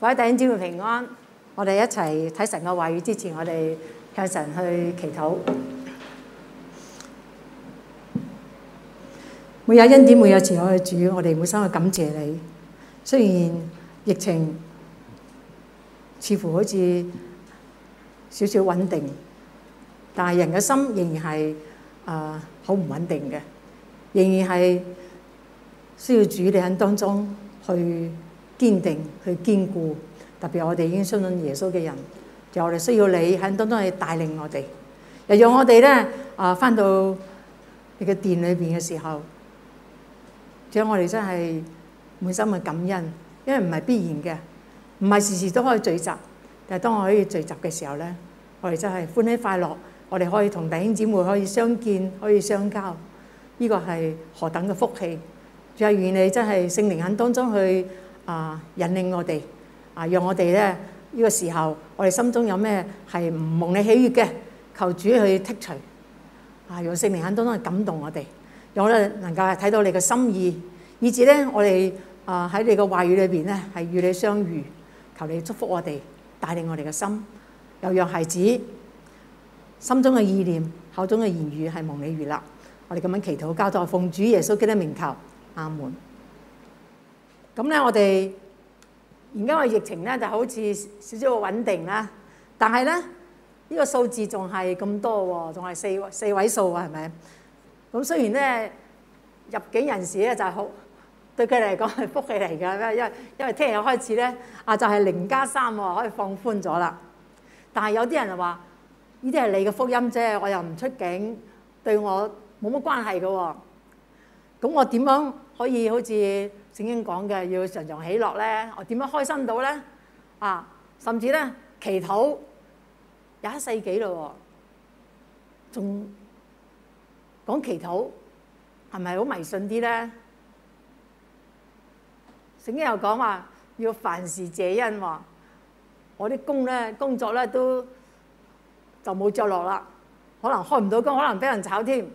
各位弟兄姊妹平安，我哋一齊睇神嘅話語，之前我哋向神去祈禱。滿有恩典，滿有慈愛嘅主，我哋滿心去感謝你。雖然疫情似乎好似少少穩定，但係人嘅心仍然係啊好唔穩定嘅，仍然係需要主你喺當中去。堅定去堅固，特別我哋已經相信耶穌嘅人，就我哋需要你喺當中去帶領我哋，又讓我哋咧啊返到你嘅殿裏邊嘅時候，有我哋真係滿心嘅感恩，因為唔係必然嘅，唔係時時都可以聚集，但係當我哋可以聚集嘅時候咧，我哋真係歡喜快樂，我哋可以同弟兄姊妹可以相見，可以相交，呢、這個係何等嘅福氣！有然你真係聖靈喺當中去。啊！引領我哋啊，讓我哋咧呢個時候，我哋心中有咩係唔蒙你喜悦嘅，求主去剔除啊！用聖靈肯當當感動我哋，讓我哋能夠係睇到你嘅心意，以至咧我哋啊喺你嘅話語裏邊咧係與你相遇。求你祝福我哋，帶領我哋嘅心，又讓孩子心中嘅意念、口中嘅言語係蒙你悦納。我哋咁樣祈禱交託，奉主耶穌基督名求，阿門。咁咧，我哋而家個疫情咧就好似少少穩定啦，但係咧呢個數字仲係咁多喎，仲係四位四位數啊，係咪？咁雖然咧入境人士咧就係好對佢嚟講係福氣嚟㗎，因為因為聽日開始咧啊就係零加三喎，3，可以放寬咗啦。但係有啲人就話：呢啲係你嘅福音啫，我又唔出境，對我冇乜關係嘅喎。咁我點樣可以好似？聖經講嘅要常常喜樂咧，我點樣開心到咧？啊，甚至咧祈禱，廿一世紀嘞喎，仲講祈禱係咪好迷信啲咧？聖經又講話要凡事謝恩喎，我啲工咧工作咧都就冇着落啦，可能開唔到工，可能俾人炒添，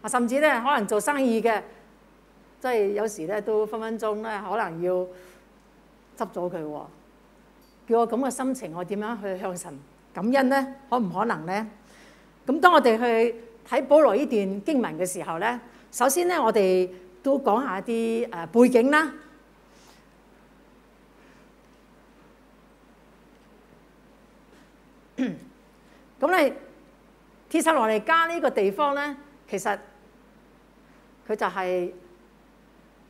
啊甚至咧可能做生意嘅。即係有時咧，都分分鐘咧，可能要執咗佢喎。叫我咁嘅心情，我點樣去向神感恩咧？可唔可能咧？咁當我哋去睇保羅呢段經文嘅時候咧，首先咧，我哋都講下啲誒背景啦。咁咧，帖撒羅尼迦呢個地方咧，其實佢就係。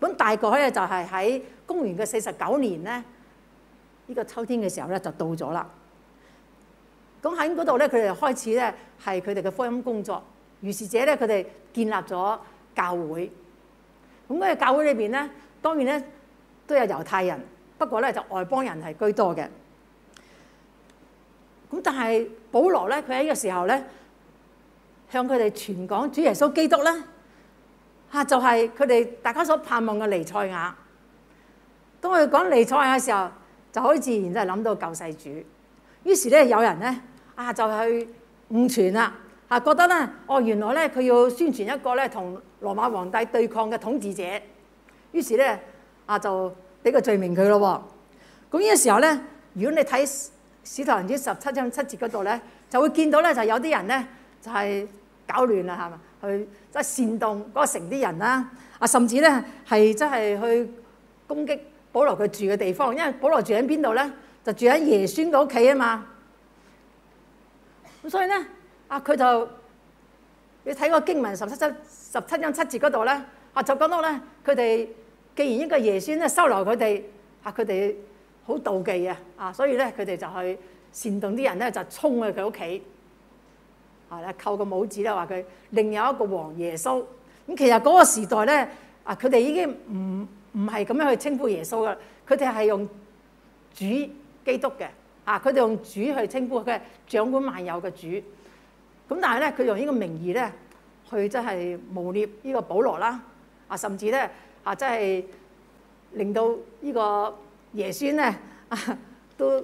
本大概咧就係喺公元嘅四十九年咧，呢個秋天嘅時候咧就到咗啦。咁喺嗰度咧，佢哋開始咧係佢哋嘅福音工作。於是者咧，佢哋建立咗教會。咁喺教會裏邊咧，當然咧都有猶太人，不過咧就外邦人係居多嘅。咁但係保羅咧，佢喺呢個時候咧，向佢哋傳講主耶穌基督啦。嚇就係佢哋大家所盼望嘅尼賽亞。當佢講尼賽亞嘅時候，就可以自然就係諗到救世主。於是咧有人咧啊就去誤傳啦嚇，覺得咧哦，原來咧佢要宣傳一個咧同羅馬皇帝對抗嘅統治者。於是咧啊就俾個罪名佢咯喎。咁呢個時候咧，如果你睇使徒行傳十七章七節嗰度咧，就會見到咧就有啲人咧就係搞亂啦係嘛。去即係煽動嗰個城啲人啦，啊甚至咧係真係去攻擊保羅佢住嘅地方，因為保羅住喺邊度咧，就住喺耶孫嘅屋企啊嘛。咁所以咧，啊佢就你睇個經文十七七十七章七節嗰度咧，啊就講到咧，佢哋既然呢個耶孫咧收留佢哋，啊佢哋好妒忌啊，啊所以咧佢哋就去煽動啲人咧就衝去佢屋企。啊！扣個帽子，咧，話佢另有一個王耶穌咁。其實嗰個時代咧，啊，佢哋已經唔唔係咁樣去稱呼耶穌啦。佢哋係用主基督嘅啊，佢哋用主去稱呼佢掌管萬有嘅主。咁但係咧，佢用呢個名義咧，去真係誣衊呢個保羅啦啊，甚至咧啊，真係令到呢個耶穌咧都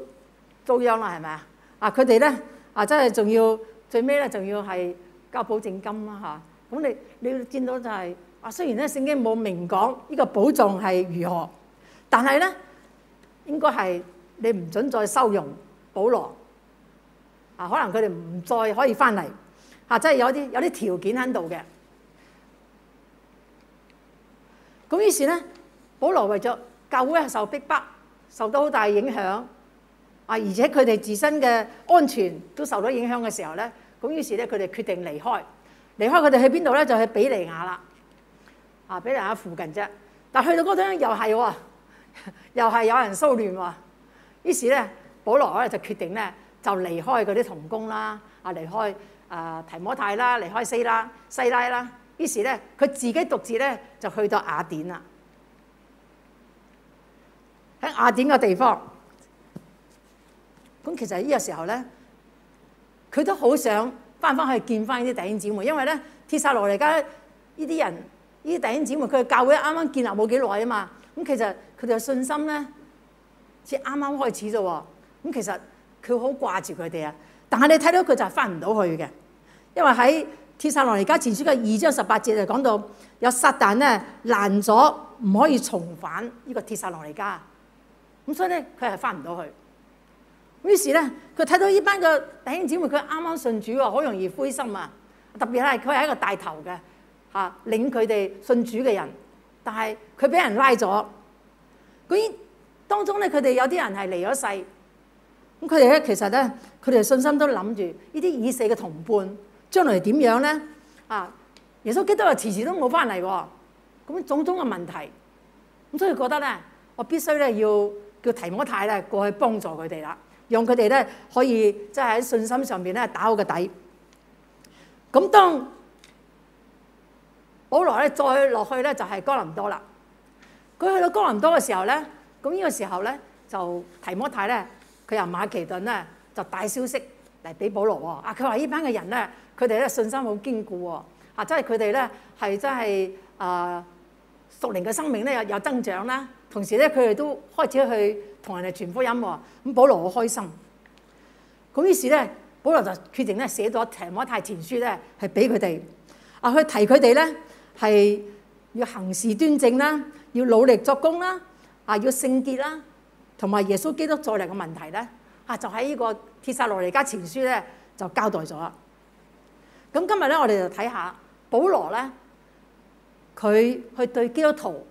遭殃啦，係咪啊？啊，佢哋咧啊，真係仲要。最尾咧，仲要係交保證金啦嚇。咁你你見到就係啊，雖然咧，聖經冇明講呢個保障係如何，但係咧，應該係你唔准再收容保羅啊。可能佢哋唔再可以翻嚟啊，即係有啲有啲條件喺度嘅。咁於是咧，保羅為咗教會係受逼迫，受到好大影響。啊！而且佢哋自身嘅安全都受到影響嘅時候咧，咁於是咧佢哋決定離開，離開佢哋去邊度咧？就去比利亞啦，啊比利亞附近啫。但去到嗰度咧，又係喎，又係有人騷亂喎。啊，於是咧，保羅咧就決定咧就離開嗰啲同工啦，啊離開啊、呃、提摩太啦，離開西拉西拉啦。啊，於是咧，佢自己獨自咧就去到雅典啦。喺雅典個地方，咁其實呢個時候咧，佢都好想翻返去見翻呢啲弟兄姊妹，因為咧帖撒羅尼迦呢啲人，呢啲弟兄姊妹佢嘅教會啱啱建立冇幾耐啊嘛，咁其實佢哋嘅信心咧似啱啱開始啫喎，咁其實佢好掛住佢哋啊，但係你睇到佢就係翻唔到去嘅，因為喺帖撒羅尼迦前書嘅二章十八節就講到有撒但咧攔咗唔可以重返呢個帖撒羅尼迦，咁所以咧佢係翻唔到去。於是咧，佢睇到呢班個弟兄姊妹，佢啱啱信主喎，好容易灰心啊！特別係佢係一個帶頭嘅吓，領佢哋信主嘅人。但係佢俾人拉咗，咁當中咧，佢哋有啲人係離咗世。咁佢哋咧，其實咧，佢哋信心都諗住呢啲已死嘅同伴將來點樣咧？啊！耶穌基督話，遲遲都冇翻嚟喎！咁種種嘅問題，咁所以覺得咧，我必須咧要叫提摩太咧過去幫助佢哋啦。用佢哋咧可以即係喺信心上邊咧打好個底。咁當保羅咧再落去咧就係哥林多啦。佢去到哥林多嘅時候咧，咁、這、呢個時候咧就提摩太咧，佢由馬其頓咧就帶消息嚟俾保羅喎。啊，佢話呢班嘅人咧，佢哋咧信心好堅固喎。啊，即係佢哋咧係真係啊，屬靈嘅生命咧又有增長啦。同時咧，佢哋都開始去同人哋傳福音喎。咁保羅好開心。咁於是咧，保羅就決定咧寫咗提摩太前書咧，係俾佢哋啊去提佢哋咧，係要行事端正啦，要努力作工啦，啊要聖潔啦，同埋耶穌基督再嚟嘅問題咧，啊就喺呢、這個帖撒羅尼迦前書咧就交代咗。咁今日咧，我哋就睇下保羅咧，佢去對基督徒。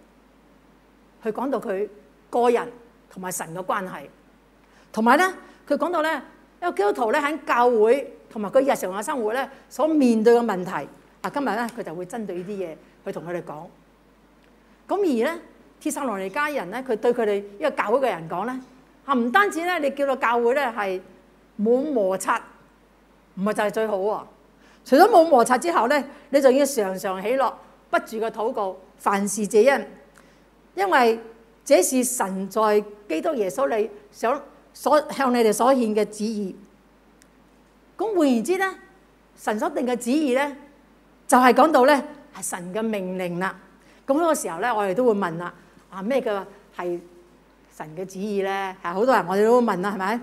佢講到佢個人同埋神嘅關係，同埋咧佢講到咧一個基督徒咧喺教會同埋佢日常嘅生活咧所面對嘅問題，啊今日咧佢就會針對這呢啲嘢去同佢哋講。咁而咧，天山羅尼家人帖撒羅尼迦人咧，佢對佢哋呢個教會嘅人講咧嚇，唔單止咧，你叫到教會咧係冇摩擦，唔係就係最好喎。除咗冇摩擦之後咧，你就要常常喜樂，不住嘅禱告，凡事謝恩。因為這是神在基督耶穌裏想所向你哋所獻嘅旨意。咁換言之咧，神所定嘅旨意咧，就係講到咧係神嘅命令啦。咁呢個時候咧，我哋都會問啦：啊咩叫係神嘅旨意咧？係好多人我哋都會問啦，係咪？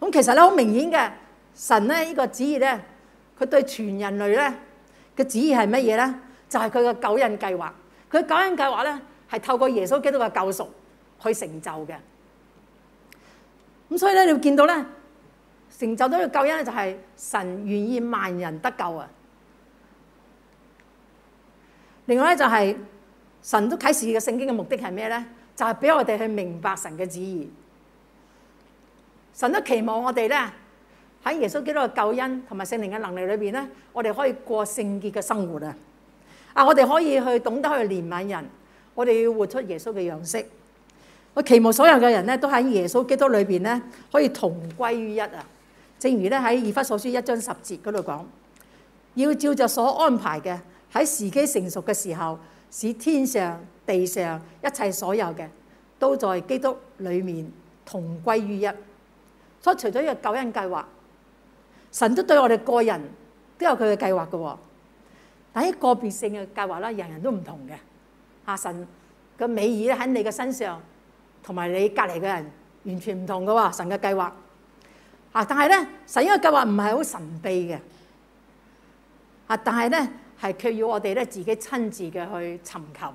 咁其實咧好明顯嘅，神咧呢個旨意咧，佢對全人類咧嘅旨意係乜嘢咧？就係佢嘅救恩計劃。佢救恩計劃咧。係透過耶穌基督嘅救贖去成就嘅，咁所以咧，你見到咧成就到嘅救恩咧，就係神願意萬人得救啊。另外咧，就係神都啟示嘅聖經嘅目的係咩咧？就係俾我哋去明白神嘅旨意。神都期望我哋咧喺耶穌基督嘅救恩同埋聖靈嘅能力裏邊咧，我哋可以過聖潔嘅生活啊！啊，我哋可以去懂得去憐憫人。我哋要活出耶穌嘅樣式。我期望所有嘅人咧，都喺耶穌基督裏面咧，可以同歸於一啊！正如咧喺《以弗所書》一章十節嗰度講，要照着所安排嘅，喺時機成熟嘅時候，使天上地上一切所有嘅，都在基督裏面同歸於一。所以除咗呢個救恩計劃，神都對我哋個人都有佢嘅計劃嘅。但喺個別性嘅計劃咧，人人都唔同嘅。阿神嘅美意咧喺你嘅身上，同埋你隔籬嘅人完全唔同嘅喎，神嘅計劃。啊！但係咧，神呢個計劃唔係好神秘嘅。啊！但係咧，係佢要我哋咧自己親自嘅去尋求，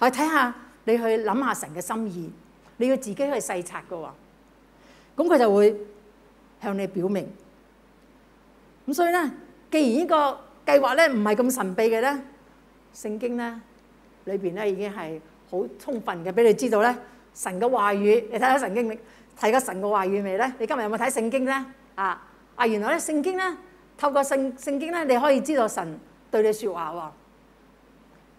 去睇下你去諗下神嘅心意，你要自己去細察嘅喎。咁佢就會向你表明。咁所以咧，既然呢個計劃咧唔係咁神秘嘅咧，聖經咧。裏邊咧已經係好充分嘅，俾你知道咧，神嘅話語。你睇下神經未？睇咗神嘅話語未咧？你今日有冇睇聖經咧？啊啊，原來咧聖經咧，透過聖聖經咧，你可以知道神對你説話喎。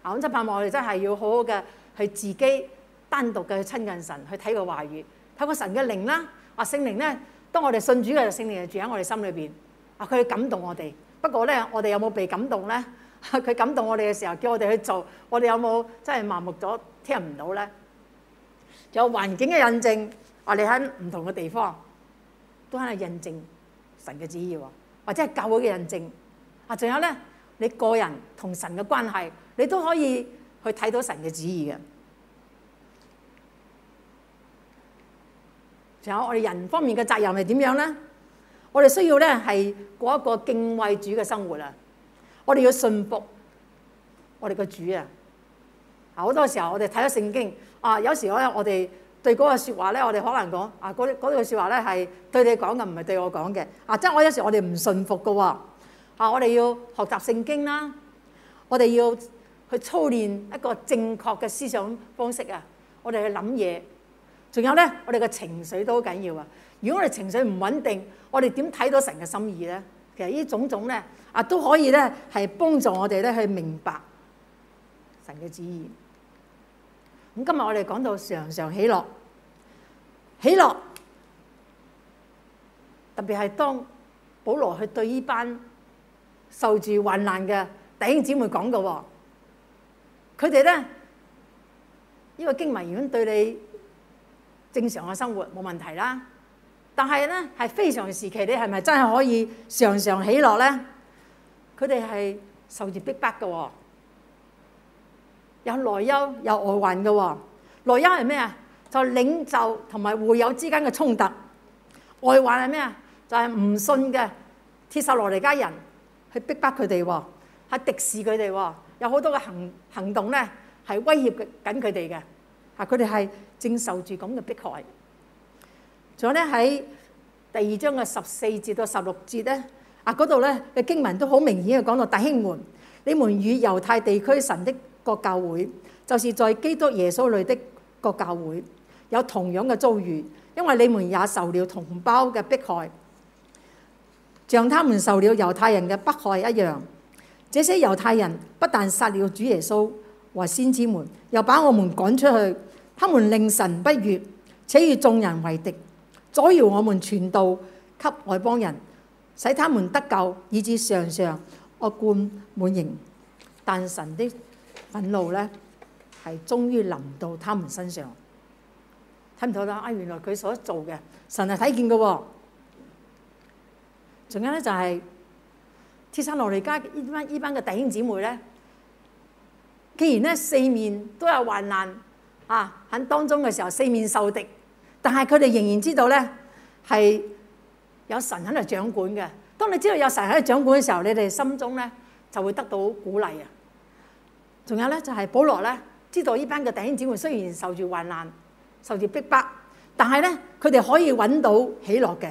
啊，咁就盼望我哋真係要好好嘅去自己單獨嘅去親近神，去睇個話語，透過神嘅靈啦，啊聖靈咧，當我哋信主嘅聖靈就住喺我哋心裏邊，啊佢感動我哋。不過咧，我哋有冇被感動咧？佢感動我哋嘅時候，叫我哋去做，我哋有冇真係麻木咗聽唔到咧？有環境嘅印證，啊，你喺唔同嘅地方都喺度印證神嘅旨意喎，或者係教會嘅印證。啊，仲有咧，你個人同神嘅關係，你都可以去睇到神嘅旨意嘅。仲有我哋人方面嘅責任係點樣咧？我哋需要咧係過一個敬畏主嘅生活啊！我哋要信服我哋個主啊！啊，好多時候我哋睇咗聖經啊，有時咧我哋對嗰個說話咧，我哋可能講啊，嗰嗰句說話咧係對你講嘅，唔係對我講嘅啊。即係我有時我哋唔信服嘅喎啊！我哋要學習聖經啦，我哋要去操練一個正確嘅思想方式啊！我哋去諗嘢，仲有咧，我哋個情緒都好緊要啊！如果我哋情緒唔穩定，我哋點睇到神嘅心意咧？其實呢種種咧，啊都可以咧，係幫助我哋咧去明白神嘅旨意。咁今日我哋講到常常喜樂，喜樂特別係當保羅去對呢班受住患難嘅弟兄姊妹講嘅喎，佢哋咧呢為、呢個、經文院對你正常嘅生活冇問題啦。但係咧，係非常時期，你係咪真係可以常常喜樂咧？佢哋係受住逼迫嘅喎，有內憂有外患嘅喎。內憂係咩啊？就領袖同埋會友之間嘅衝突。外患係咩啊？就係、是、唔信嘅帖撒羅尼迦人去逼迫佢哋喎，係敵視佢哋喎，有好多嘅行行動咧係威脅緊佢哋嘅。啊，佢哋係正受住咁嘅迫害。咁咧，喺第二章嘅十四節到十六節呢，啊嗰度呢，嘅經文都好明顯嘅講到，弟兄們，你們與猶太地區神的各教會，就是在基督耶穌裏的各教會，有同樣嘅遭遇，因為你們也受了同胞嘅迫害，像他們受了猶太人嘅迫害一樣。這些猶太人不但殺了主耶穌和先知們，又把我們趕出去，他們令神不悦，且與眾人為敵。阻撓我們傳道給外邦人，使他們得救，以致常常惡貫滿盈。但神的憤怒咧，係終於臨到他們身上。睇唔到啦啊！原來佢所做嘅神係睇見嘅。仲有咧就係帖撒羅尼迦呢班呢班嘅弟兄姊妹咧，既然咧四面都有患難啊，喺當中嘅時候四面受敵。但係佢哋仍然知道咧，係有神喺度掌管嘅。當你知道有神喺度掌管嘅時候，你哋心中咧就會得到鼓勵啊。仲有咧就係保羅咧，知道呢班嘅弟兄姊妹雖然受住患難、受住逼迫，但係咧佢哋可以揾到喜樂嘅，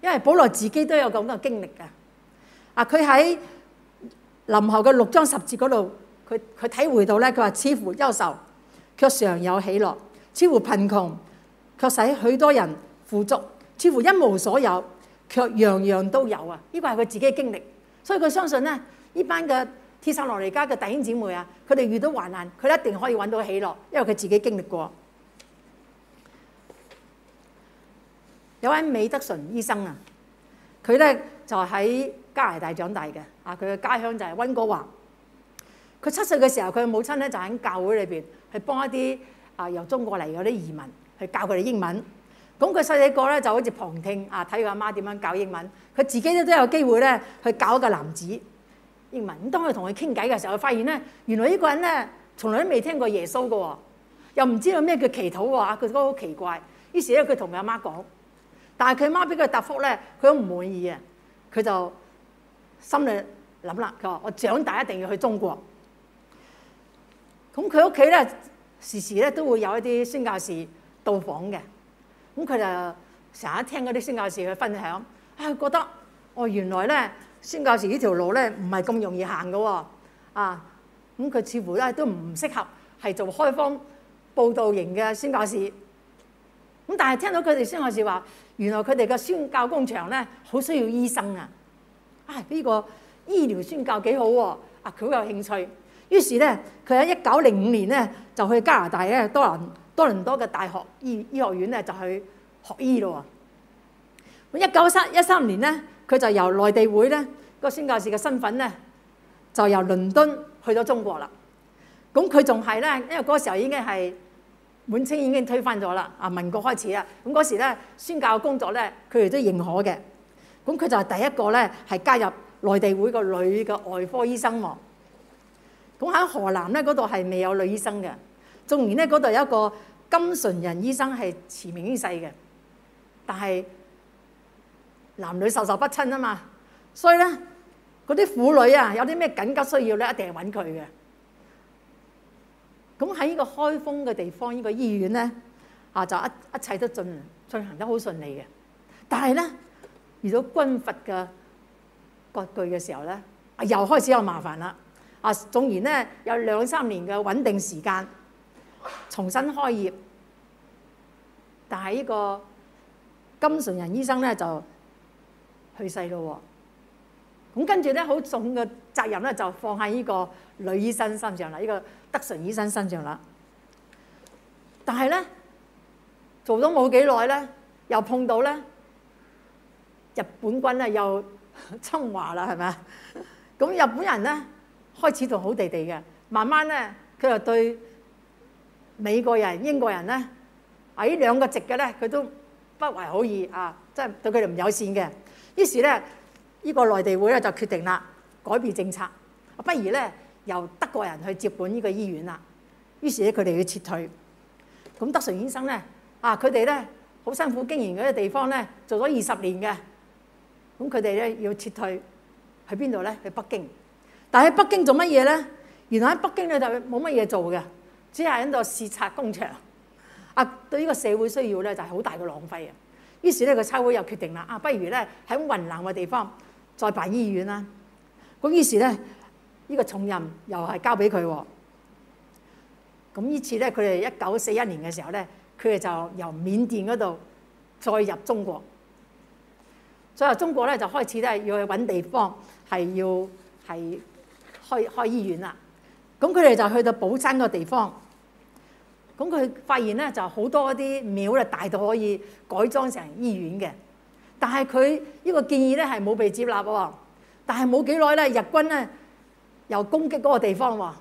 因為保羅自己都有咁嘅經歷嘅。啊，佢喺林後嘅六章十節嗰度，佢佢體會到咧，佢話：似乎憂愁，卻常有喜樂；似乎貧窮，卻使許多人富足，似乎一無所有，卻樣樣都有啊！呢、這個係佢自己嘅經歷，所以佢相信咧，呢班嘅帖撒羅尼迦嘅弟兄姊妹啊，佢哋遇到患難，佢一定可以揾到喜樂，因為佢自己經歷過。有位美德純醫生啊，佢咧就喺、是、加拿大長大嘅，啊，佢嘅家鄉就係溫哥華。佢七歲嘅時候，佢嘅母親咧就喺教會裏邊去幫一啲啊、呃、由中國嚟嗰啲移民。去教佢哋英文，咁佢細細個咧就好似旁聽啊，睇佢阿媽點樣教英文，佢自己咧都有機會咧去教一個男子英文。當佢同佢傾偈嘅時候，佢發現咧原來呢個人咧從來都未聽過耶穌㗎，又唔知道咩叫祈禱喎，佢覺得好奇怪。於是咧佢同佢阿媽講，但係佢阿媽俾佢答覆咧，佢都唔滿意啊。佢就心裏諗啦，佢話我長大一定要去中國。咁佢屋企咧時時咧都會有一啲宣教士到訪嘅，咁佢就成日聽嗰啲宣教士去分享，啊、哎、覺得我、哦、原來咧宣教士條呢條路咧唔係咁容易行嘅喎，啊咁佢似乎咧都唔適合係做開荒報道型嘅宣教士。咁、嗯、但係聽到佢哋宣教士話，原來佢哋嘅宣教工場咧好需要醫生啊，啊、哎、呢、這個醫療宣教幾好喎，啊佢好有興趣，於是咧佢喺一九零五年咧就去加拿大咧多倫。多倫多嘅大學醫醫學院咧就去學醫咯。一九一三年咧，佢就由內地會咧，嗰個宣教士嘅身份咧，就由倫敦去咗中國啦。咁佢仲係咧，因為嗰時候已經係滿清已經推翻咗啦，啊民國開始啦。咁嗰時咧宣教工作咧，佢哋都認可嘅。咁佢就係第一個咧係加入內地會個女嘅外科醫生喎。咁喺河南咧嗰度係未有女醫生嘅，仲然咧嗰度有一個。金純仁醫生係馳名於世嘅，但係男女授受，受不親啊嘛，所以咧嗰啲婦女啊有啲咩緊急需要咧一定係揾佢嘅。咁喺呢個開封嘅地方，呢、呢個醫院咧啊就一一切都進進行得好順利嘅，但係咧遇到軍閥嘅割據嘅時候咧，又開始有麻煩啦。啊，縱然咧有兩三年嘅穩定時間。重新開業，但係呢個金純仁醫生咧，就去世咯。咁跟住咧好重嘅責任咧就放喺呢個女醫生身上啦，呢個德純醫生身上啦。但係咧做咗冇幾耐咧，又碰到咧日本軍咧又侵華啦，係咪啊？咁日本人咧開始都好地地嘅，慢慢咧佢又對。美國人、英國人咧，啊！呢兩個直嘅咧，佢都不懷好意，啊！真係對佢哋唔友善嘅。於是咧，呢、呢個內地會咧就決定啦，改變政策，不如咧由德國人去接管呢個醫院啦。於是咧，佢哋要撤退。咁德順先生咧，啊！佢哋咧好辛苦經營嗰啲地方咧，做咗二十年嘅。咁佢哋咧要撤退，喺邊度咧？喺北京。但喺北京做乜嘢咧？原來喺北京咧就冇乜嘢做嘅。只係喺度視察工場，啊，對呢個社會需要咧就係好大嘅浪費啊！於是咧，個差會又決定啦，啊，不如咧喺雲南嘅地方再辦醫院啦。咁於是咧，呢個重任又係交俾佢喎。咁呢次咧，佢哋一九四一年嘅時候咧，佢哋就由緬甸嗰度再入中國，所以中國咧就開始咧要去搵地方，係要係開開醫院啦。咁佢哋就去到寶山個地方，咁佢發現咧就好多啲廟咧大到可以改裝成醫院嘅，但係佢呢個建議咧係冇被接納喎。但係冇幾耐咧，日軍咧又攻擊嗰個地方喎。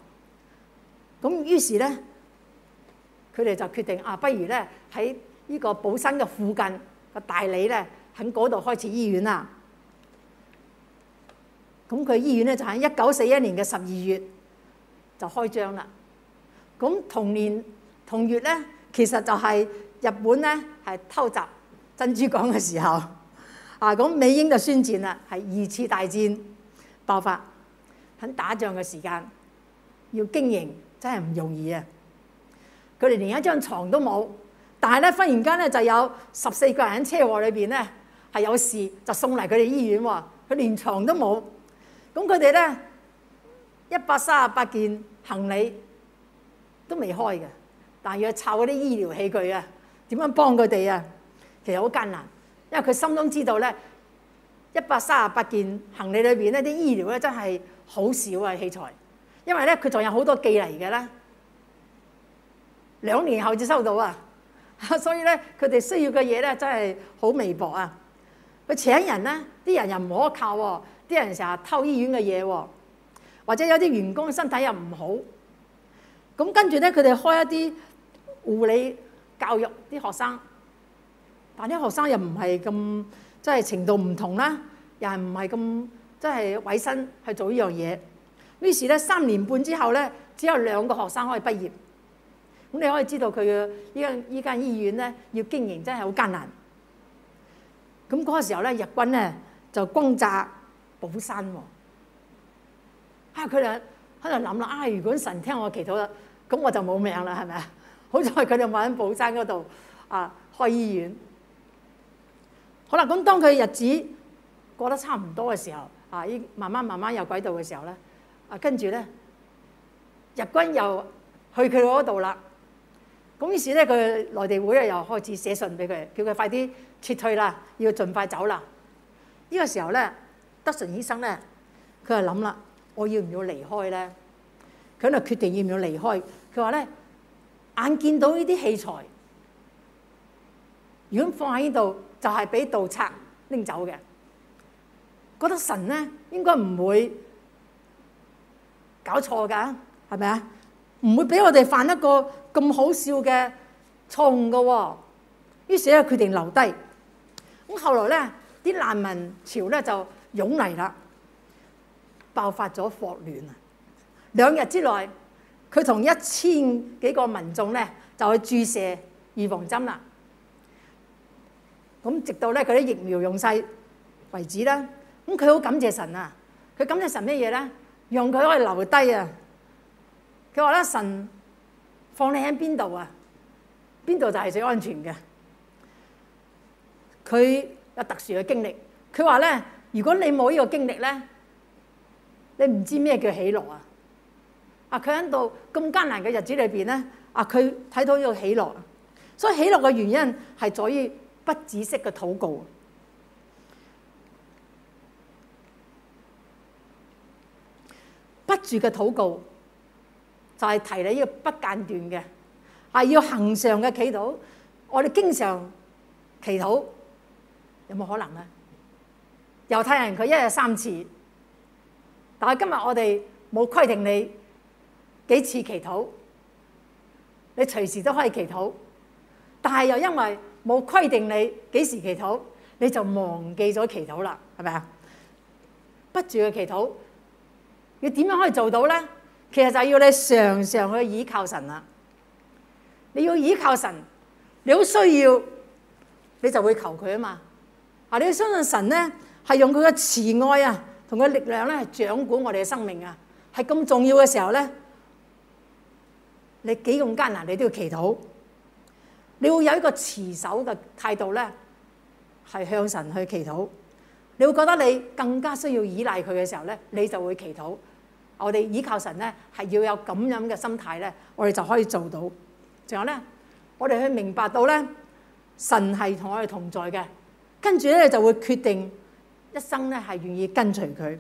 咁於是咧，佢哋就決定啊，不如咧喺呢個寶山嘅附近個大理咧，喺嗰度開始醫院喇。咁佢醫院咧就喺一九四一年嘅十二月，就開張啦！咁同年同月咧，其實就係日本咧係偷襲珍珠港嘅時候啊！咁美英就宣戰啦，係二次大戰爆發喺打仗嘅時間，要經營真係唔容易啊！佢哋連一張床都冇，但係咧忽然間咧就有十四個人喺車禍裏邊咧係有事，就送嚟佢哋醫院喎。佢連床都冇，咁佢哋咧。一百三十八件行李都未開嘅，但係要湊嗰啲醫療器具啊，點樣幫佢哋啊？其實好艱難，因為佢心中知道咧，一百三十八件行李裏邊咧，啲醫療咧真係好少啊器材，因為咧佢仲有好多寄嚟嘅啦，兩年後先收到啊，所以咧佢哋需要嘅嘢咧真係好微薄啊。佢請人咧，啲人又唔可靠喎，啲人成日偷醫院嘅嘢喎。或者有啲員工身體又唔好，咁跟住咧，佢哋開一啲護理教育啲學生，但啲學生又唔係咁即係程度唔同啦，又係唔係咁即係委身去做呢樣嘢？於是咧三年半之後咧，只有兩個學生可以畢業。咁你可以知道佢嘅呢間呢間醫院咧，要經營真係好艱難。咁嗰個時候咧，日軍咧就轟炸寶山喎、哦。啊！佢哋喺度諗啦。啊！如果神聽我祈禱啦，咁我就冇命啦，係咪啊？好彩佢哋冇喺寶山嗰度啊，開醫院。好啦，咁當佢日子過得差唔多嘅時候，啊，呢慢慢慢慢有軌道嘅時候咧、啊，啊，跟住咧，日軍又去佢嗰度啦。咁於是咧，佢內地會啊又開始寫信俾佢，叫佢快啲撤退啦，要盡快走啦。呢、呢個時候咧，德順醫生咧，佢就諗啦。我要唔要離開咧？佢就決定要唔要離開。佢話咧，眼見到呢啲器材，如果放喺呢度，就係俾盜賊拎走嘅。覺得神咧應該唔會搞錯噶，係咪啊？唔會俾我哋犯一個咁好笑嘅錯誤噶。於是咧決定留低。咁後來咧，啲難民潮咧就湧嚟啦。爆發咗霍亂啊！兩日之內，佢同一千幾個民眾咧就去注射預防針啦。咁直到咧佢啲疫苗用晒為止啦。咁佢好感謝神啊！佢感謝神咩嘢咧？讓佢可以留低啊！佢話咧神放你喺邊度啊？邊度就係最安全嘅。佢有特殊嘅經歷。佢話咧，如果你冇呢個經歷咧。你唔知咩叫喜樂啊？啊，佢喺度咁艱難嘅日子裏邊咧，啊，佢睇到呢個喜樂，所以喜樂嘅原因係在於不止息嘅禱告，不住嘅禱告就係、是、提你呢個不間斷嘅，係要恒常嘅祈禱。我哋經常祈禱，有冇可能咧？猶太人佢一日三次。但係今日我哋冇規定你幾次祈禱，你隨時都可以祈禱。但係又因為冇規定你幾時祈禱，你就忘記咗祈禱啦，係咪啊？不住嘅祈禱，你點樣可以做到咧？其實就係要你常常去倚靠神啦。你要倚靠神，你好需要，你就會求佢啊嘛。啊，你要相信神咧，係用佢嘅慈愛啊！同佢力量咧，係掌管我哋嘅生命啊，係咁重要嘅時候咧，你幾咁艱難，你都要祈禱。你會有一個持守嘅態度咧，係向神去祈禱。你會覺得你更加需要倚賴佢嘅時候咧，你就會祈禱。我哋倚靠神咧，係要有咁樣嘅心態咧，我哋就可以做到。仲有咧，我哋去明白到咧，神係同我哋同在嘅，跟住咧，你就會決定。一生呢，係願意跟隨佢，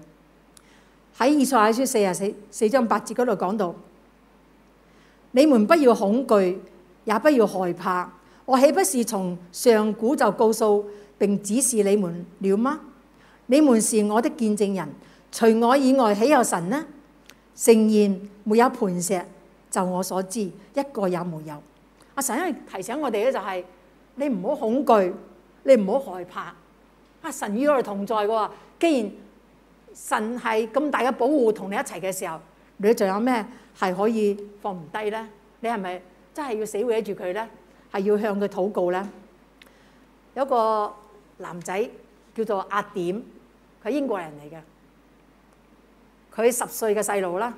喺以賽亞書四十四四章八節嗰度講到：你們不要恐懼，也不要害怕。我豈不是從上古就告訴並指示你們了嗎？你們是我的見證人，除我以外豈有神呢？誠然，沒有磐石，就我所知一個也沒有。阿神提醒我哋咧，就係你唔好恐懼，你唔好害怕。啊！神與我哋同在嘅喎，既然神係咁大嘅保護同你一齊嘅時候，你仲有咩係可以放唔低咧？你係咪真係要死維住佢咧？係要向佢禱告咧？有個男仔叫做阿典，佢英國人嚟嘅，佢十歲嘅細路啦，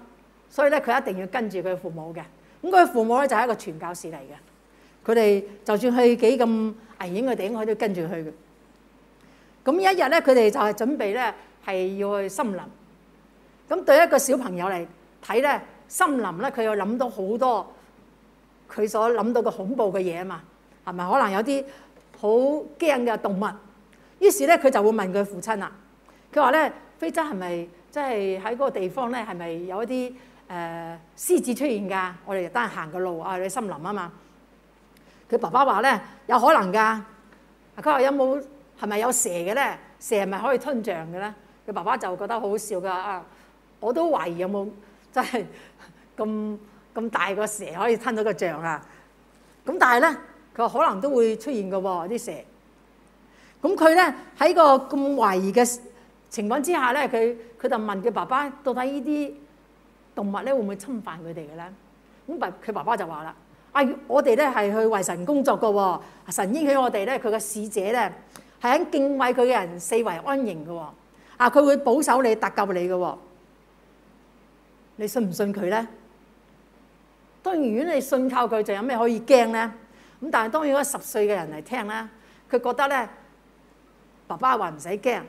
所以咧佢一定要跟住佢父母嘅。咁佢父母咧就係一個傳教士嚟嘅，佢哋就算去幾咁危險嘅地方，佢都跟住佢嘅。咁一日咧，佢哋就係準備咧，係要去森林。咁對一個小朋友嚟睇咧，森林咧，佢又諗到好多佢所諗到嘅恐怖嘅嘢啊嘛。係咪可能有啲好驚嘅動物？於是咧，佢就會問佢父親啦。佢話咧：非洲係咪即係喺嗰個地方咧，係咪有一啲誒獅子出現㗎？我哋單行個路啊，去森林啊嘛。佢爸爸話咧：有可能㗎。佢話有冇？係咪有蛇嘅咧？蛇係咪可以吞象嘅咧？佢爸爸就覺得好好笑㗎啊！我都懷疑有冇真係咁咁大個蛇可以吞到個象啊！咁但係咧，佢話可能都會出現嘅喎，啲蛇。咁佢咧喺個咁懷疑嘅情況之下咧，佢佢就問佢爸爸：到底呢啲動物咧會唔會侵犯佢哋嘅咧？咁佢佢爸爸就話啦：啊，我哋咧係去為神工作嘅喎，神應許我哋咧，佢嘅使者咧。係喺敬畏佢嘅人四圍安營嘅喎，啊佢會保守你搭救你嘅喎，哦，你信唔信佢咧？當然，如果你信靠佢，就有咩可以驚咧？咁但係當然十歲的人來聽，如果十歲嘅人嚟聽咧，佢覺得咧爸爸話唔使驚，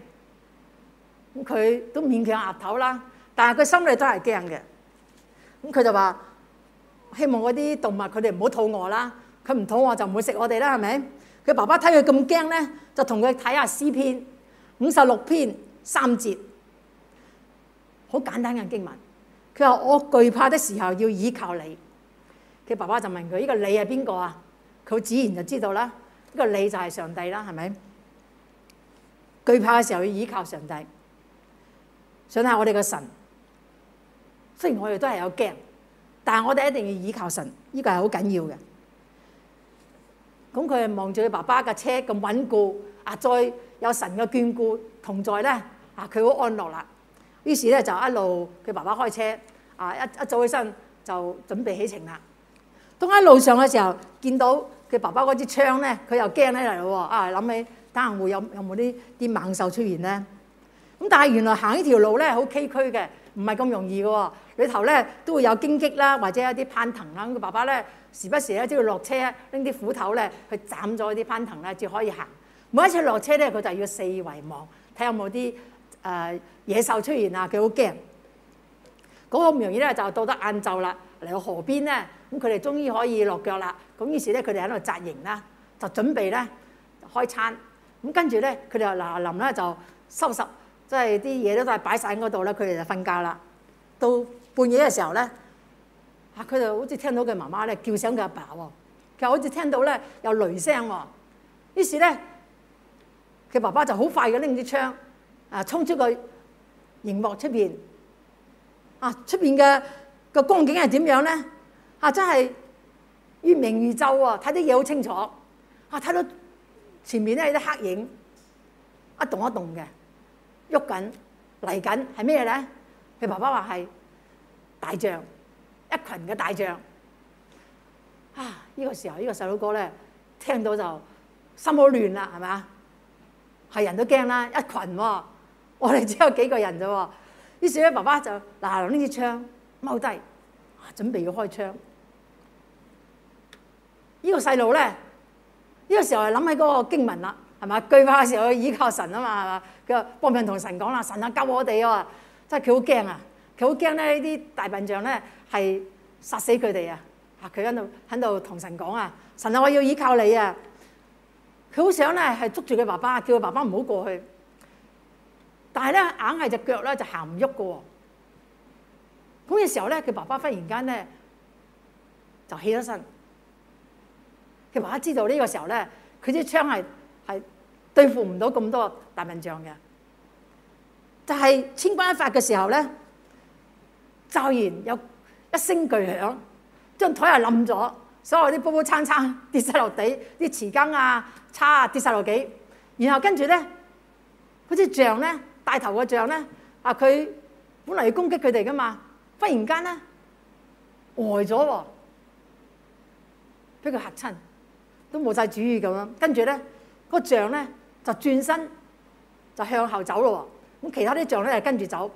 咁佢都勉強額頭啦，但係佢心裏都係驚嘅。咁佢就話希望嗰啲動物佢哋唔好肚餓啦，佢唔肚餓就唔會食我哋啦，係咪？佢爸爸睇佢咁驚咧，就同佢睇下詩篇五十六篇三節，好簡單嘅經文。佢話我懼怕的時候要倚靠你。佢爸爸就問佢：呢個你係邊個啊？佢自然就知道啦。呢個你就係上帝啦，係咪？懼怕嘅時候要倚靠上帝。想下我哋個神，雖然我哋都係有驚，但係我哋一定要倚靠神，呢個係好緊要嘅。咁佢係望住佢爸爸架車咁穩固，啊再有神嘅眷顧同在咧，啊佢好安樂啦。於是咧就一路佢爸爸開車，啊一一早起身就準備起程啦。當喺路上嘅時候，見到佢爸爸嗰支槍咧，佢又驚起嚟咯喎。啊諗起等下會有有冇啲啲猛獸出現咧。咁但係原來行呢條路咧好崎嶇嘅，唔係咁容易㗎喎。裏頭咧都會有荊棘啦，或者有啲攀藤啦。咁佢爸爸咧。時不時咧都要落車拎啲斧頭咧去斬咗啲攀藤啦，至可以行。每一次落車咧，佢就要四圍望，睇有冇啲誒野獸出現啊，佢好驚。嗰個唔容易咧，就到得晏晝啦，嚟到河邊咧，咁佢哋終於可以落腳啦。咁於是咧，佢哋喺度扎營啦，就準備咧開餐。咁跟住咧，佢哋就嗱臨咧就收拾，即係啲嘢都都係擺晒喺嗰度咧，佢哋就瞓覺啦。到半夜嘅時候咧。佢就好似聽到佢媽媽咧叫醒佢阿爸喎、哦，佢好似聽到咧有雷聲喎、哦，於是咧佢爸爸就好快嘅拎支槍啊，衝出去熒幕出邊啊！出邊嘅個光景係點樣咧？啊，真係月明如晝喎，睇啲嘢好清楚啊！睇到前面咧有啲黑影一、啊、動一動嘅喐緊嚟緊係咩咧？佢爸爸話係大象。一群嘅大象，啊！呢個時候呢個細佬哥咧聽到就心好亂啦，係嘛？係人都驚啦，一群喎，我哋只有幾個人啫喎。於是咧，爸爸就嗱攞呢支槍踎低，準備要開槍。呢個細路咧，呢個時候諗起嗰個經文啦，係嘛？句話嘅時候依靠神啊嘛，佢話，搏命同神講啦，神啊救我哋啊！真係佢好驚啊！佢好驚咧！呢啲大笨象咧係殺死佢哋啊！啊，佢喺度喺度同神講啊！神啊，我要依靠你啊！佢好想咧係捉住佢爸爸，叫佢爸爸唔好過去。但係咧，硬係隻腳咧就行唔喐㗎。咁嘅時候咧，佢爸爸忽然間咧就起咗身。佢爸爸知道呢個時候咧，佢啲槍係係對付唔到咁多大笨象嘅。就係千鈞一發嘅時候咧。驟然有一聲巨響，張枱又冧咗，所有啲煲煲罉罉跌晒落地，啲匙羹啊、叉啊跌晒落地。然後跟住咧，嗰隻象咧，帶頭個象咧，啊佢本嚟要攻擊佢哋噶嘛，忽然間咧呆咗喎，俾佢嚇親，都冇晒主意咁樣。跟住咧，個象咧就轉身就向後走咯喎，咁其他啲象咧就跟住走。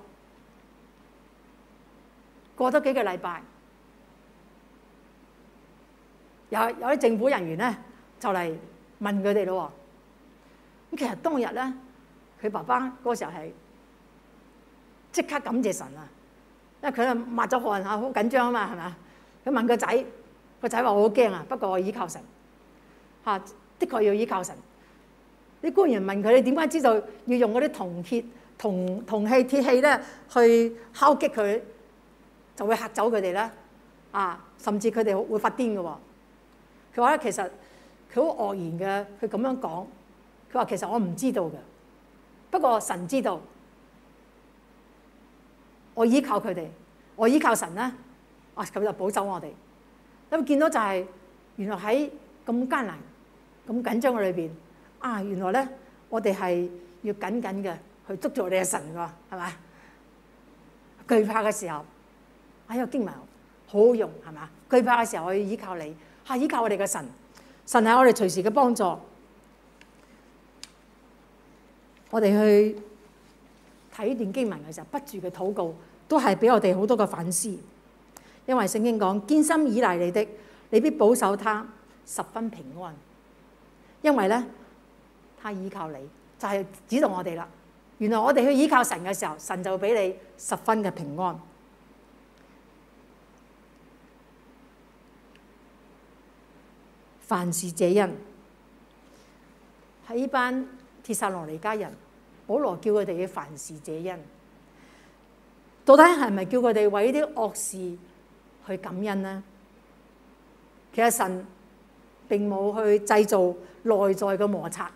過咗幾個禮拜，有有啲政府人員咧就嚟問佢哋咯。咁其實當日咧，佢爸爸嗰時候係即刻感謝神啊，因為佢啊抹咗汗啊，好緊張啊嘛，係嘛？佢問個仔，個仔話：我好驚啊，不過我依靠神嚇、啊，的確要依靠神。啲官員問佢：你點解知道要用嗰啲銅鐵、銅銅器、鐵器咧去敲擊佢，就會嚇走佢哋啦，啊，甚至佢哋會發癲嘅喎。佢話咧，其實佢好愕然嘅，佢咁樣講。佢話其實我唔知道嘅，不過神知道，我依靠佢哋，我依靠神啦。啊，咁就保守我哋。咁見到就係，原來喺咁艱難、咁緊張嘅裏邊，啊，原來咧我哋係要緊緊嘅去捉住你嘅神嘅，係咪？懼怕嘅時候。.哎呀，這個經文好好用，係嘛？佢怕嘅時候我要依靠你，嚇、啊、依靠我哋嘅神，神係我哋隨時嘅幫助。我哋去睇一段經文嘅時候，不住嘅禱告，都係俾我哋好多嘅反思。因為聖經講：堅心倚賴你的，你必保守他十分平安。因為咧，他依靠你，就係、是、指導我哋啦。原來我哋去依靠神嘅時候，神就俾你十分嘅平安。凡事謝恩，喺呢班帖撒羅尼迦人，保羅叫佢哋要凡事謝恩。到底係咪叫佢哋為呢啲惡事去感恩呢？其實神並冇去製造內在嘅摩擦，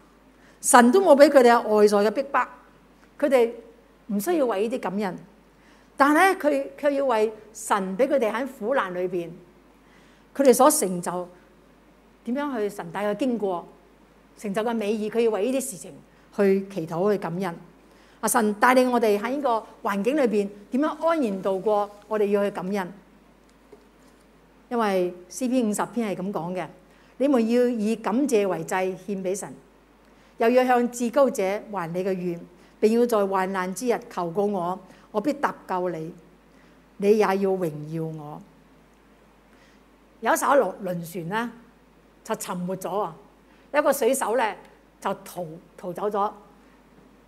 神都冇俾佢哋有外在嘅逼迫，佢哋唔需要為呢啲感恩。但係咧，佢卻要為神俾佢哋喺苦難裏邊，佢哋所成就。點樣去神帶嘅經過，成就嘅美意，佢要為呢啲事情去祈禱去感恩。啊，神帶領我哋喺呢個環境裏邊，點樣安然度過，我哋要去感恩。因為詩五十篇係咁講嘅，你們要以感謝為祭獻俾神，又要向至高者還你嘅願，並要在患難之日求告我，我必搭救你。你也要榮耀我。有一艘輪船啦。就沉沒咗啊！一個水手咧就逃逃走咗。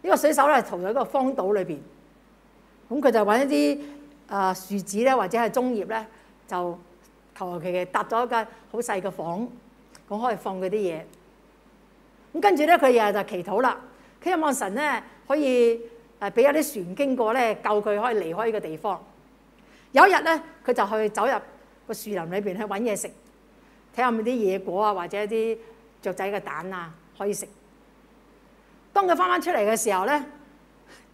呢個水手咧逃咗喺個荒島裏邊，咁佢就揾一啲啊樹枝咧，或者係棕葉咧，就求求其其搭咗一間好細嘅房，咁可以放佢啲嘢。咁跟住咧，佢日日就祈禱啦。佢有望神咧可以誒俾一啲船經過咧，救佢可以離開呢個地方。有一日咧，佢就去走入個樹林裏邊去揾嘢食。睇下咪啲野果啊，或者一啲雀仔嘅蛋啊，可以食。當佢翻翻出嚟嘅時候咧，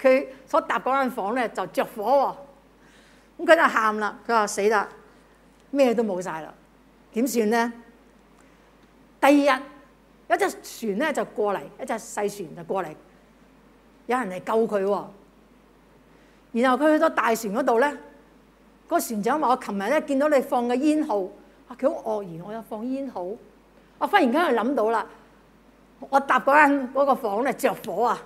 佢所搭嗰間房咧就着火喎。咁佢就喊啦，佢話死啦，咩都冇晒啦，點算咧？第二日一隻船咧就過嚟，一隻細船就過嚟，有人嚟救佢喎。然後佢去到大船嗰度咧，個船長話：我琴日咧見到你放嘅煙號。啊！佢好愕然，我又放煙好，我、啊、忽然間就諗到啦。我搭嗰間嗰個房咧着火啊！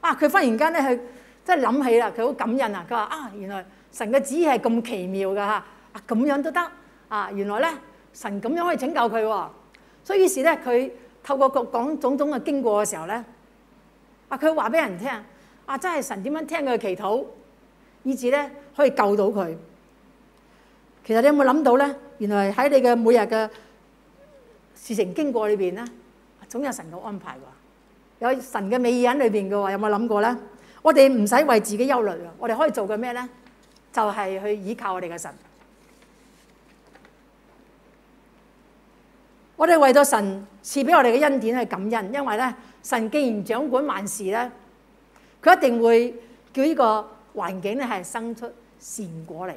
啊！佢忽然間咧佢真係諗起啦，佢好感恩啊！佢話啊，原來神嘅旨意係咁奇妙㗎嚇啊！咁樣都得啊！原來咧神咁樣可以拯救佢喎、啊。所以於是咧，佢透過講講種種嘅經過嘅時候咧，啊，佢話俾人聽啊，真係神點樣聽佢嘅祈禱，以至咧可以救到佢。其實你有冇諗到咧？原來喺你嘅每日嘅事情經過裏邊咧，總有神嘅安排喎。有神嘅美意裏邊嘅話，有冇諗過咧？我哋唔使為自己憂慮啊！我哋可以做嘅咩咧？就係、是、去倚靠我哋嘅神。我哋為咗神賜俾我哋嘅恩典去感恩，因為咧神既然掌管萬事咧，佢一定會叫呢個環境咧係生出善果嚟嘅。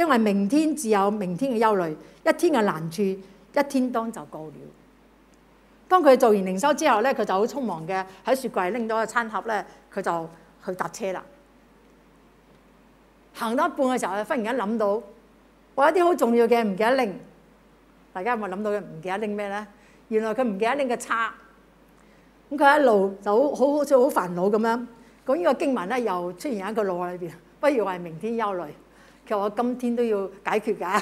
因為明天自有明天嘅憂慮，一天嘅難處，一天當就夠了。當佢做完靈修之後咧，佢就好匆忙嘅喺雪櫃拎咗個餐盒咧，佢就去搭車啦。行到一半嘅時候，忽然間諗到，我有啲好重要嘅嘢唔記得拎。大家有冇諗到佢唔記得拎咩咧？原來佢唔記得拎個叉。咁佢一路就好好似好煩惱咁樣。咁呢個經文咧又出現喺佢腦裏邊，不如話明天憂慮。叫我今天都要解決㗎。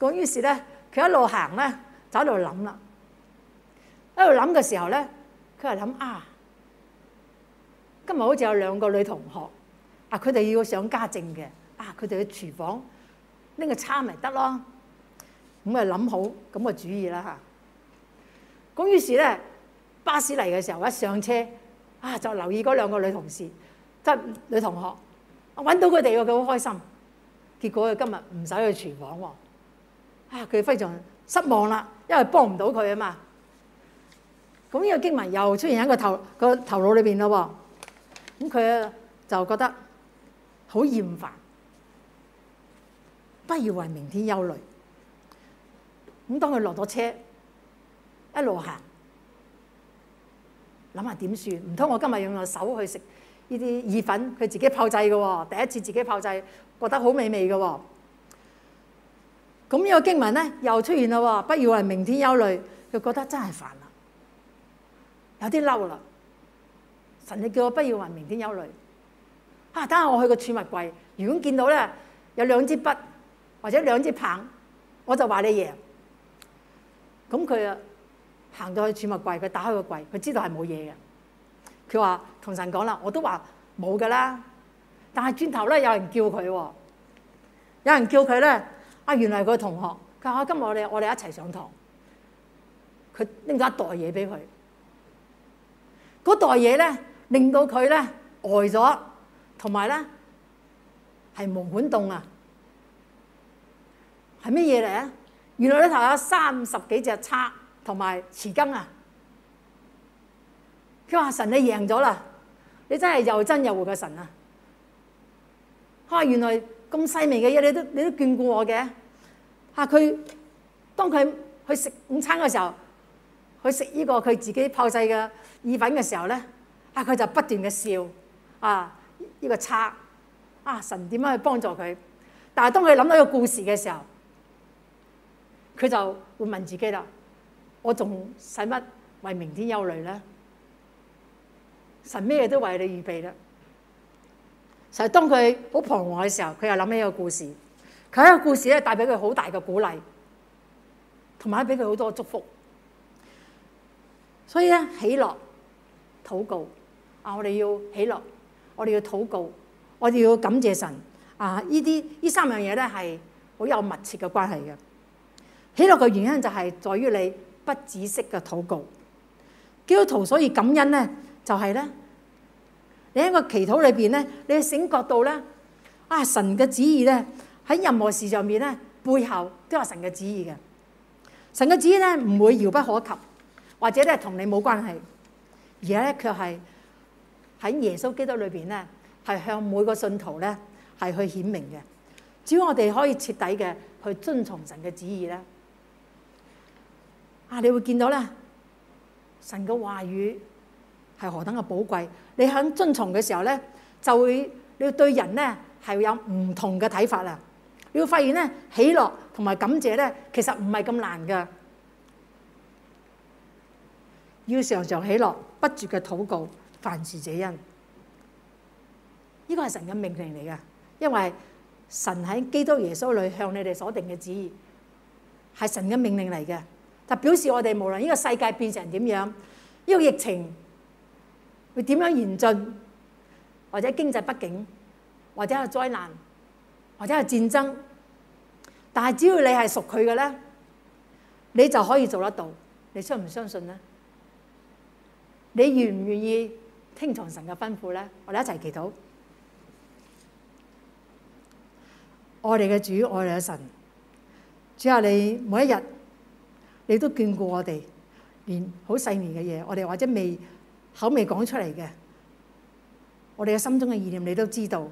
咁於是咧，佢一路行咧，喺度諗啦。喺度諗嘅時候咧，佢係諗啊，今日好似有兩個女同學啊，佢哋要上家政嘅啊，佢哋去廚房拎個餐咪得咯。咁啊諗好咁個主意啦嚇。咁於是咧，巴士嚟嘅時候一上車啊，就留意嗰兩個女同事，即係女同學，搵到佢哋，佢好開心。結果佢今日唔使去廚房喎，啊佢非常失望啦，因為幫唔到佢啊嘛。咁呢個經文又出現喺個頭個頭腦裏邊咯喎，咁佢就覺得好厭煩，不要為明天憂慮。咁當佢落咗車，一路行，諗下點算？唔通我今日用個手去食呢啲意粉？佢自己炮製嘅喎，第一次自己炮製。覺得好美味嘅喎、哦，咁呢個經文咧又出現啦喎、哦，不要為明天憂慮，佢覺得真係煩啦，有啲嬲啦，神你叫我不要為明天憂慮，啊，等下我去個儲物櫃，如果見到咧有兩支筆或者兩支棒，我就話你贏。咁佢啊行到去儲物櫃，佢打開個櫃，佢知道係冇嘢嘅，佢話同神講啦，我都話冇㗎啦。沒但係轉頭咧，有人叫佢喎，有人叫佢咧。啊，原來係佢同學。佢話：我今日我哋我哋一齊上堂。佢拎咗一袋嘢俾佢，嗰袋嘢咧令到佢咧呆咗，同埋咧係毛管洞啊！係咩嘢嚟啊？原來裏頭有三十幾隻叉同埋匙羹啊！佢話：神你贏咗啦！你真係又真又活嘅神啊！哇！原來咁細微嘅嘢，你都你都眷顧我嘅。嚇、啊、佢當佢去食午餐嘅時候，去食呢個佢自己炮製嘅意粉嘅時候咧，啊佢就不斷嘅笑，啊呢、呢個叉啊，神點樣去幫助佢？但係當佢諗到個故事嘅時候，佢就會問自己啦：我仲使乜為明天憂慮咧？神咩都為你預備啦。就係當佢好彷徨嘅時候，佢又諗起一個故事。佢喺個故事咧帶俾佢好大嘅鼓勵，同埋俾佢好多祝福。所以咧，喜樂、禱告啊，我哋要喜樂，我哋要禱告，我哋要，要感謝神啊！呢啲呢三樣嘢咧係好有密切嘅關係嘅。喜樂嘅原因就係在於你不止息嘅禱告。基督徒所以感恩咧，就係、是、咧。你喺個祈禱裏邊咧，你醒覺到咧，啊神嘅旨意咧，喺任何事上面咧，背後都有神嘅旨意嘅。神嘅旨意咧唔會遙不可及，或者咧同你冇關係，而家咧卻係喺耶穌基督裏邊咧，係向每個信徒咧係去顯明嘅。只要我哋可以徹底嘅去遵從神嘅旨意咧，啊你會見到咧神嘅話語。係何等嘅寶貴！你肯遵從嘅時候咧，就會你要對人咧係有唔同嘅睇法啦。你會發現咧，喜樂同埋感謝咧，其實唔係咁難噶。要常常喜樂，不絕嘅禱告，凡事謝恩。呢個係神嘅命令嚟噶，因為神喺基督耶穌裏向你哋所定嘅旨意係神嘅命令嚟嘅，就表示我哋無論呢個世界變成點樣，呢、呢個疫情。會點樣嚴峻，或者經濟不景，或者係災難，或者係戰爭，但係只要你係屬佢嘅咧，你就可以做得到。你相唔相信咧？你願唔願意聽從神嘅吩咐咧？我哋一齊祈禱。我哋嘅主，我哋嘅神，主啊！你每一日，你都眷顧我哋，連好細微嘅嘢，我哋或者未。口未講出嚟嘅，我哋嘅心中嘅意念你都知道，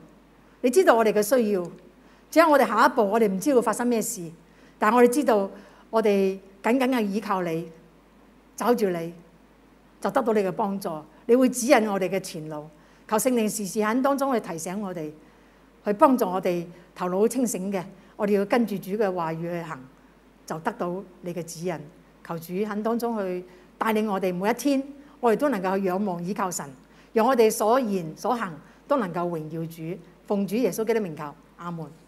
你知道我哋嘅需要。只有我哋下一步，我哋唔知道會發生咩事，但係我哋知道我哋緊緊嘅依靠你，找住你就得到你嘅幫助。你會指引我哋嘅前路，求聖靈時時喺當中去提醒我哋，去幫助我哋頭腦清醒嘅。我哋要跟住主嘅話語去行，就得到你嘅指引。求主喺當中去帶領我哋每一天。我哋都能夠仰望倚靠神，讓我哋所言所行都能夠榮耀主，奉主耶穌基督名求，阿門。